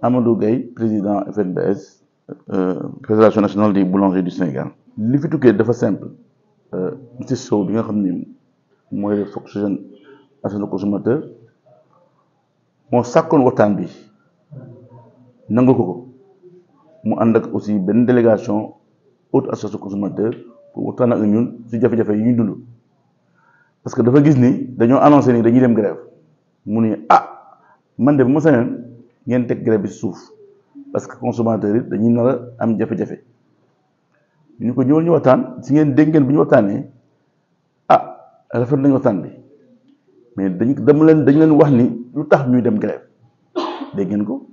Amadou Gaye président FNBS euh, fédération nationale des boulangers du Sénégal. li fi tukkee dafa simple monsieur Sow bi nga xam ni mooy le fonctionnaire association consommateur moo sàkkoon waxtaan bi nangul ko ko mu ànd aussi benn délégation haute association consommateurs pour waxtaan ak ñun si jafe-jafe yi ñuy dund parce que dafa gis ni dañoo annoncé ni dañuy dem grève mu ni ah man de bu ma ngeen teg grève bi suuf parce que consommateur yi dañu nar am jafe-jafe ñu ko ñëwal ñu waxtaan si ngeen dégg ngeen bu ñu waxtaanee ah rafet nañu waxtaan bi mais dañ dem leen dañ leen wax ni lu tax ñuy dem grève dégg ngeen ko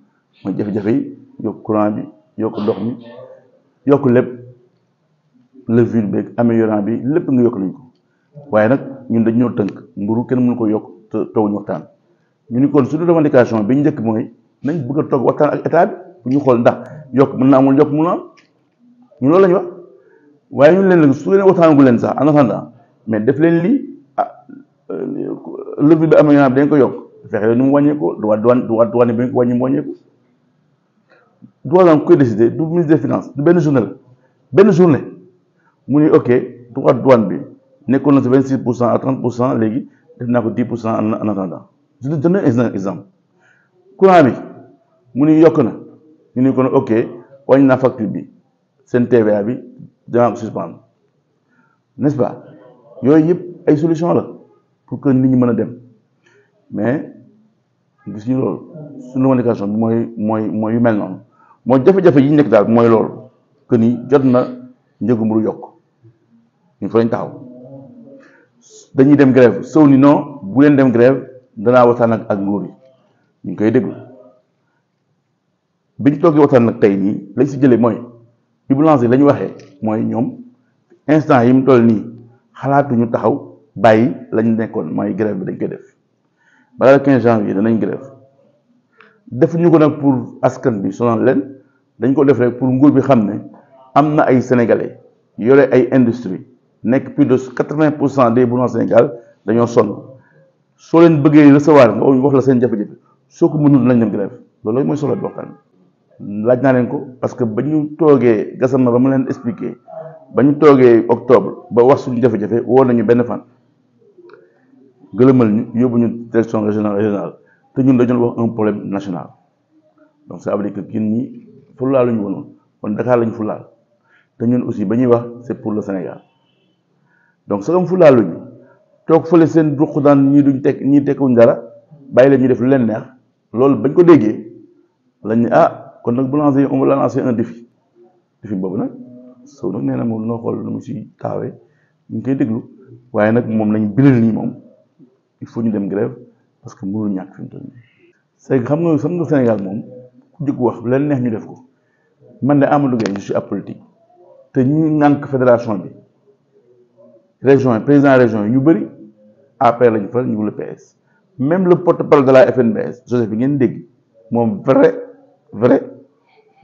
mooy jafe-jafe yi yokk courant bi yokk ndox mi yokk lépp levure amee améliorant bi lépp nga yokk nañ ko waaye nag ñun dañu ñoo tënk mburu kenn mënu ko yokk te tooguñu waxtaan ñu ni koon suñu revendication bi njëkk mooy nañ bëgg a toog waxtaan ak état bi bu ñu xool ndax yokk mën na amul yokk mën na ñu loolu lañ wax waaye ñu leen su leen waxtaanagu leen sax en attendant mais def leen lii ah euh, levée bi am na dañ ko yokk fexe leen ni mu wàññeeku droit douane droit douane bi ñu ko wàññi mu wàññeeku droit douane koy décidé du ministre des finances du benn journée la benn journée mu ni ok droit douane bi nekkoon na si vingt six pour cent à trente pour cent léegi def naa ko dix pour cent en attendant je donne un exemple courant bi mu ni yokk na ñu ni kon ok wàññi naa facture bi seen TVA bi danaa ko suspendre n'est-ce yooyu yëpp ay solution la pour que nit ñu mën a dem mais gis ñu loolu suñu communication bi mooy mooy mooy yu mel noonu mooy jafe-jafe yi nekk daal mooy loolu que ni jot na njëgu mburu yokk ñu fa lañ taxaw dañuy dem grève sow ni non bu leen dem grève danaa waxtaan ak ak nguur yi ñu ngi koy déglu biñ toogee waxtaan nag tey nii lañ si jëlee mooy bi boulanger la ñu waxee mooy ñoom instant yi mu toll nii xalaatuñu taxaw bàyyi lañ nekkoon mooy grève bi dañ koy def balaa 15 janvier danañ grève defuñu ko nag pour askan bi sonal leen dañ ko def rek pour nguur bi xam ne am na ay sénégalais yore ay industrie nekk plus de 80 pour cent des boulangers Sénégal dañoo sonn soo leen bëggee recevoir nga wax la seen jafe-jafe soo ko mënul dinañ dem grève loolu mooy solo bi waxtaan laaj naa leen ko parce que ba ñu toogee gasama ba mu leen expliqué ba ñu toogee octobre ba wax suñu jafe-jafe woo nañu benn fan gëlëmal ñu yóbbu ñu direction régionale te ñun dañu wax un problème national donc ça veut dire que ñun ñi fulaa la ñu wonoon kon Dakar la ñu fulaal te aussi ba ñuy wax c'est pour le Sénégal donc sagam fulaa toog fële seen duq daan ñii duñ teg ñii tekkuñ dara bàyyi la ñuy def lu leen neex loolu bañ ko déggee lañ ah. kon nag boulanger on va la lancer un défi défi bobu nak so nag nee na moom noo xool nu mu si ñu ngi koy déglu wayé nak mom lañu biral ni mom il faut ñu dem grève parce que mënu ñàkk fi mu toll nii c'est xam nga xam nga Sénégal mom ku jóg wax leen neex ñu def ko man de Amadou Gueye je suis apolitique té ñi ngank fédération bi région président région yi ñu bëri APR lañu faral ñu le PS même le porte-parole de la FNBS Joseph bi ngeen dégg mom vrai vrai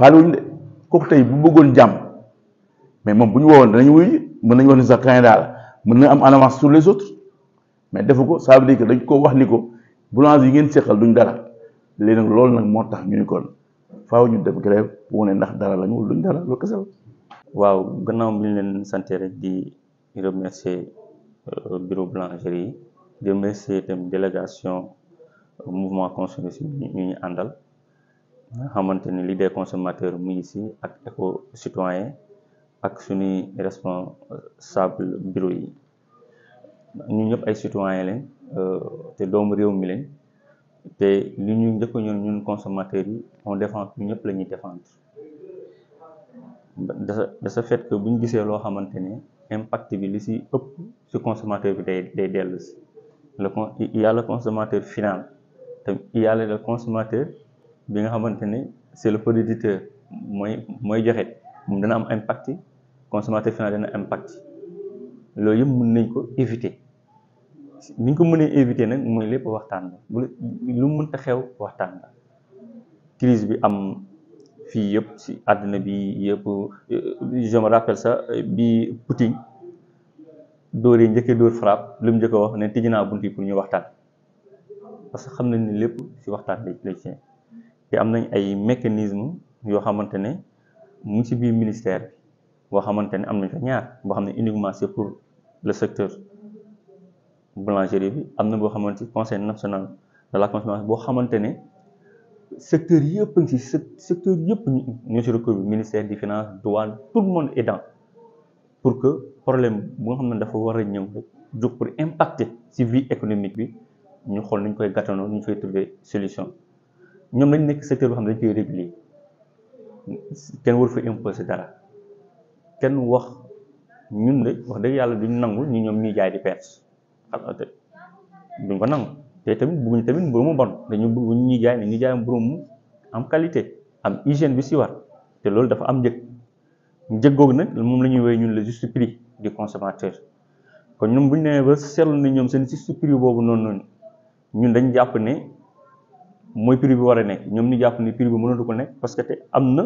faaluwuñu de kooku tey bu bëggoon jàmm mais moom bu ñu woowoon danañ wuy mën nañu wax ni sax candidat la mën na am en avance les autres mais defu ko ça veut dire dañ koo wax ni ko boulangers yi ngeen seqal duñ dara léegi nag loolu nag moo tax ñu ni kon faaw ñu def dem grève wane ndax dara la ñu wala duñ dara loolu kese waaw gannaaw bi ñu leen sante rek di remercier euh, bureau boulangerie yi di remercier itam délégation euh, mouvement consommateurs yi ñu ñu àndal. nga xamante ni li des consommateurs mu ngi si ak éco citoyen ak suñuy responsable bureau yi ñun ñëpp ay citoyen lañ euh, te doomu réew mi lañ te li ñu njëkk ñun ñun consommateurs yi on défend ñu ñëpp la ñuy défendre de ce fait que buñ ñu gisee loo xamante ne impact bi li si ëpp si consommateur bi day day dellu si le il y a le consommateur final te il y a le consommateur bi nga xamante ne c'est le producteur mooy mooy joxe moom dana am impact consommateur final dana impact loolu yëpp mën nañ ko éviter ni ñu ko mënee éviter nag mooy lépp waxtaan la bu lu mënta xew waxtaan la crise bi am fii yëpp si àddina bi yëpp euh, je me rappelle bi Poutine door yi njëkkee dóor frappe lu mu njëkk wax ne tijji naa bunti pour ñu waxtaan parce que xam nañ ni lépp si waxtaan la lay te am nañ ay mécanisme yo xamante mu ci biir ministère bi boo xamante ne am nañ fa ñaar boo xam ne uniquement c'est pour le secteur boulangerie bi am na boo xamante conseil national de la consommation boo xamante secteur yëpp ngi ci secteur yëpp ñu ci recours bi ministère des finances douane tout le monde est dans pour que problème bu nga xam ne dafa war a ñëw rek jóg pour impacter ci vie économique bi ñu xool nu ñu koy gàttanoo ñu fay trouver solution ñoom lañ nekk secteur boo xam ne dañ koy réguler kenn waru fa imposé dara kenn wax ñun de wax dëgg yàlla duñ nangu ñu ñoom ñuy jaay di perte xam te duñ ko nangu te tamit bëgguñu tamit mburu mu bon dañu bëgg ñu ñuy jaay ne ñu mburu mu am qualité am hygiène bi si war te loolu dafa am njëg njëg googu nag moom la ñuy woowee ñun le juste prix du consommateur kon ñoom bu ñu nee ba seetlu na ñoom seen juste prix boobu noonu noonu ñun dañ jàpp ne mooy prix bi war a nekk ñoom ñu jàpp ni prix bi mënatu ko nekk parce que te am na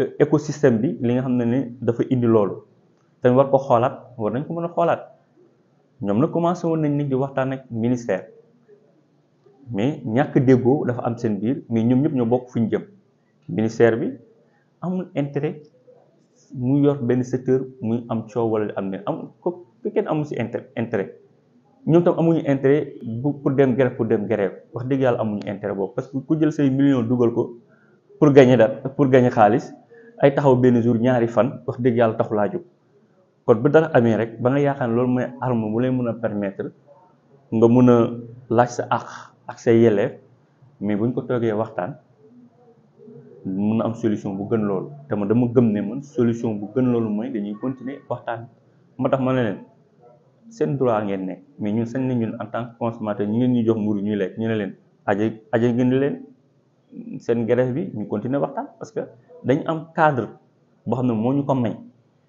euh, écosystème bi li nga xam ne ne dafa indi loolu te war ko xoolaat war nañ ko mën a xoolaat ñoom na commencé woon nañ nit di waxtaan ak ministère mais ñàkk déggoo dafa am seen biir mais ñoom ñëpp ñoo bokk fu ñu jëm ministère bi amul intérêt mu yor benn secteur muy am coow wala am ne am ko kenn amul si intérêt ñoom tam amuñu intérêt bu pour dem grève pour dem grève wax dëgg yàlla amuñu intérêt boobu parce que ku jël say million dugal ko pour gagner da pour gagner xaalis ay taxaw benn jour ñaari fan wax dëgg yàlla taxu laa jóg kon bu dara amee rek ba nga yaakaar loolu mooy arme bu lay mën a permettre nga mën a laaj sa ak say yelleef mais buñ ko toogee waxtaan mën am solution bu gën loolu te man dama gëm ne man solution bu gën loolu mooy dañuy continuer waxtaan tax ma ne leen sen droit ngeen nekk mais ñun sañ nañ ñun en tant que consommateur ñu ngeen ñu jox mburu ñuy lekk ñu leen aja aja ngeen leen sen grève bi ñu continuer waxtaan parce que dañ am cadre boo xam ne moo ñu ko may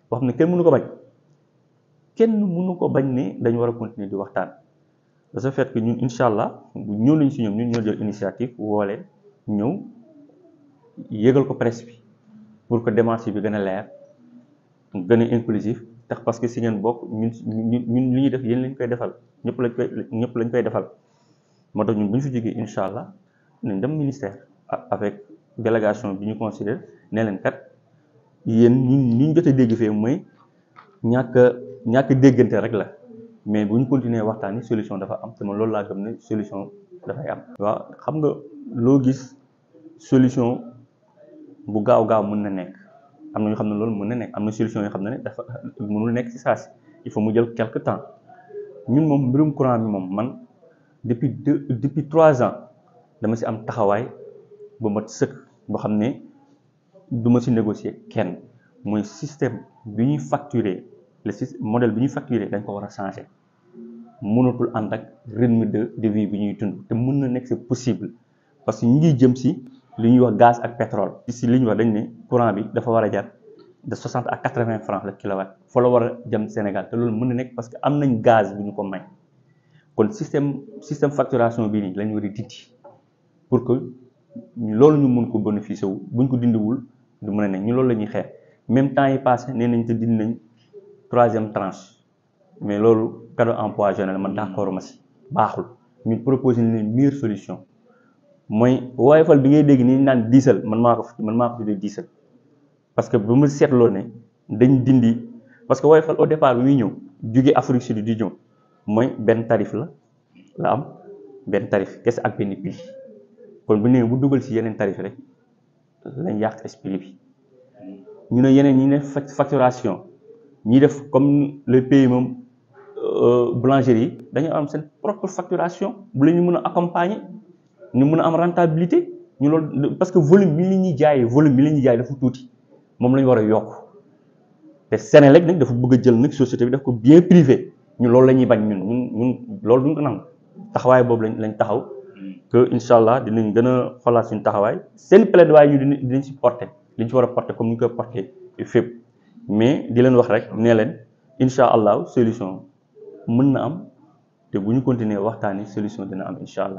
boo xam ne kenn mënu ko bañ kenn mënu ko bañ ne dañ war continuer di waxtaan de fait que ñun allah ñëw nañ si ñoom ñun ñoo jël initiative ko presse bi pour que démarche bi gën tax parce que si ngeen bokk ñun ñun li ñuy def yéen lañ koy defal ñëpp lañ koy ñëpp lañ koy defal moo tax ñun bu ñu fi jógee incha allah nañ dem ministère avec délégation bi ñu considère ne leen kat yéen ñun ñu ñu jot dégg fee mooy ñàkk ñàkk déggante rek la mais bu ñu continuer waxtaan yi solution dafa am te man loolu laa gëm ne solution dafay am. waaw xam nga loo gis solution bu gaaw gaaw mën na nekk. am na ñoo xam ne loolu mën na ne am na solution yoo xam ne dafa mënul nekk ci saa si il faut mu jël quelque temps ñun moom mbirum courant bi moom man depuis deux depuis trois ans dama si am taxawaay ba mat sëkk boo xam ne duma ma si négocier kenn mooy système bi ñuy facturer le model bi ñuy facturer dañ ko war a changer mënatul ànd ak rythme me de vie bi ñuy tund te mun na nekk c'est possible parce que ñu ngi jëm si. li wax gaz ak pétrole si li wax dañ ne courant bi dafa war a jar de 60 à 80 francs le kilowatt fa la war a jëm Sénégal te loolu mën na nekk parce que am nañ gaz bu ñu ko may kon système système facturation bi nii lañ ñu war a dindi pour que loolu ñu mun ko bénéficier wu buñ ko dindiwul du mën a ñu loolu la ñuy xeex même temps yi passé nee nañ te dindi nañ troisième tranche mais loolu cadeau emploi général man d'accord ma si baaxul ñu proposé leen meilleure solution mooy woyofal bi ngay dégg ni naan diisal man maa ko man maa ko tuddee diisal parce que bu mu seetloo ne dañ dindi parce que woyofal au départ bi muy ñëw jóge Afrique sud di ñëw mooy benn tarif la la am benn tarif kese ak benn kon bu ñu nee bu dugal si yeneen tarif rek lañ yàq esprit bi ñu ne yeneen ñi ne facturation ñi def comme le pays moom euh, boulangerie yi dañoo am seen propre facturation bu la ñu mën a accompagner. ñu mun a am rentabilité ñu loolu parce que volume bi la ñuy jaayee volume bi la ñuy jaay dafa tuuti moom lañu war a yokk te Senelec nag dafa bëgg a jël nag société bi def ko bien privé ñu loolu la ñuy bañ ñun ñun ñun loolu duñ ko nangu taxawaay boobu lañ lañ taxaw que incha allah dinañ gën a xoolaat suñu taxawaay seen plaidoyer ñu dinañ si porté liñ si war a porté comme ni ñu koy porté fépp mais di leen wax rek nee leen incha allah solution mën na am te bu ñu continuer waxtaani solution dina am incha allah